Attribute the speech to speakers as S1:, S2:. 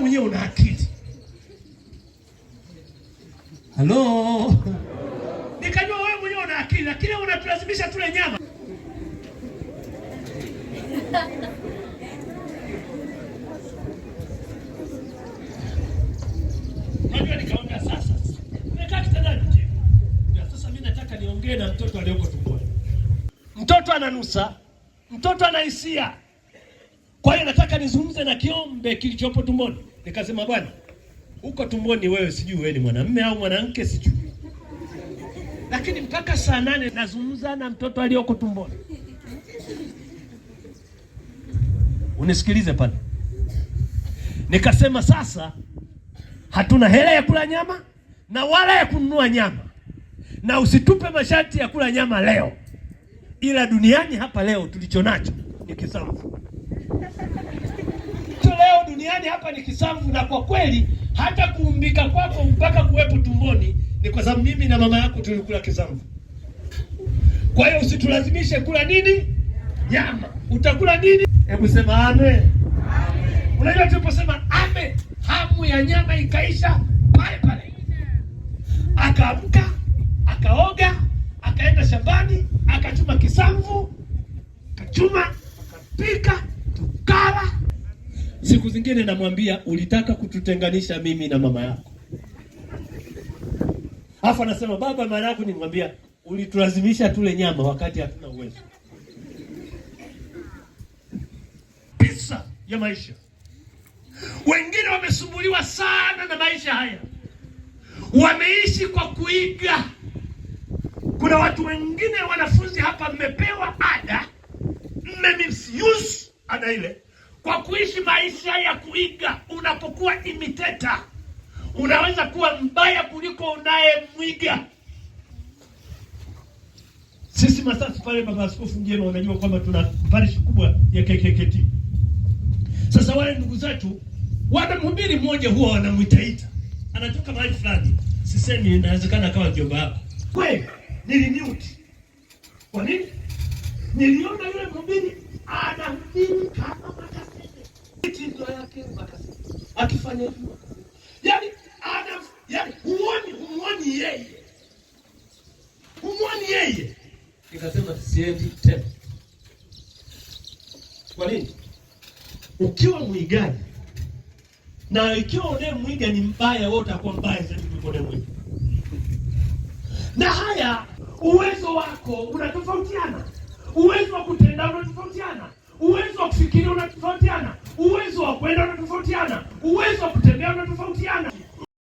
S1: mwenyewe una akili. Halo, nikajua wewe mwenyewe una akili, lakini unatulazimisha tule nyama. Najua nikaona sasa, sasa mimi nataka niongee na mtoto aliyoko tumboni. Mtoto ananusa, mtoto anahisia, kwa hiyo nataka nizungumze na kiombe kilichopo tumboni. Nikasema bwana, huko tumboni wewe sijui wewe ni mwanamume au mwanamke sijui. Lakini mpaka saa nane nazungumza na mtoto aliyoko tumboni. Unisikilize pale. Nikasema sasa hatuna hela ya kula nyama na wala ya kununua nyama. Na usitupe masharti ya kula nyama leo. Ila duniani hapa leo tulicho nacho ni kisamvu. Kwa leo duniani hapa ni kisamvu, na kwa kweli hata kuumbika kwako mpaka kuwepo tumboni ni kwa sababu mimi na mama yako tulikula kisamvu. Kwa hiyo usitulazimishe kula nini? Nyama. Utakula nini? Hebu sema amen. Unajua tuliposema ame, hamu ya nyama ikaisha pale pale. Akaamka, akaoga, akaenda shambani, akachuma kisamvu, akachuma, akapika siku zingine namwambia ulitaka kututenganisha mimi na mama yako, afu anasema baba, maana yako nimwambia ulitulazimisha tule nyama wakati hatuna uwezo. Pesa ya maisha. Wengine wamesumbuliwa sana na maisha haya, wameishi kwa kuiga. Kuna watu wengine wanafunzi hapa, mmepewa ada, mme misuse ada ile maisha ya kuiga. Unapokuwa imiteta, unaweza kuwa mbaya kuliko unayemwiga. Sisi Masasi pale, baba askofu Njema, unajua kwamba tuna parishi kubwa ya KKKT. Sasa wale ndugu zetu wana mhubiri mmoja huwa wanamwitaita, anatoka mahali fulani, sisemi, inawezekana akawa mjomba hapa kweli. Nilimute kwa nini? Niliona yule mhubiri anahubiri kama akapigwa akazidi, akifanya hivyo yani Adam, yani huoni humuoni yeye, humuoni yeye. Nikasema siendi tena. Kwa nini? Ukiwa mwigaji na ikiwa mwiga ni mbaya, wewe utakuwa mbaya zaidi kuliko mwiga. Na haya uwezo wako unatofautiana, uwezo wa kutenda unatofautiana, uwezo wa kufikiria unatofautiana uwezo wa kwenda unatofautiana, uwezo wa kutembea unatofautiana,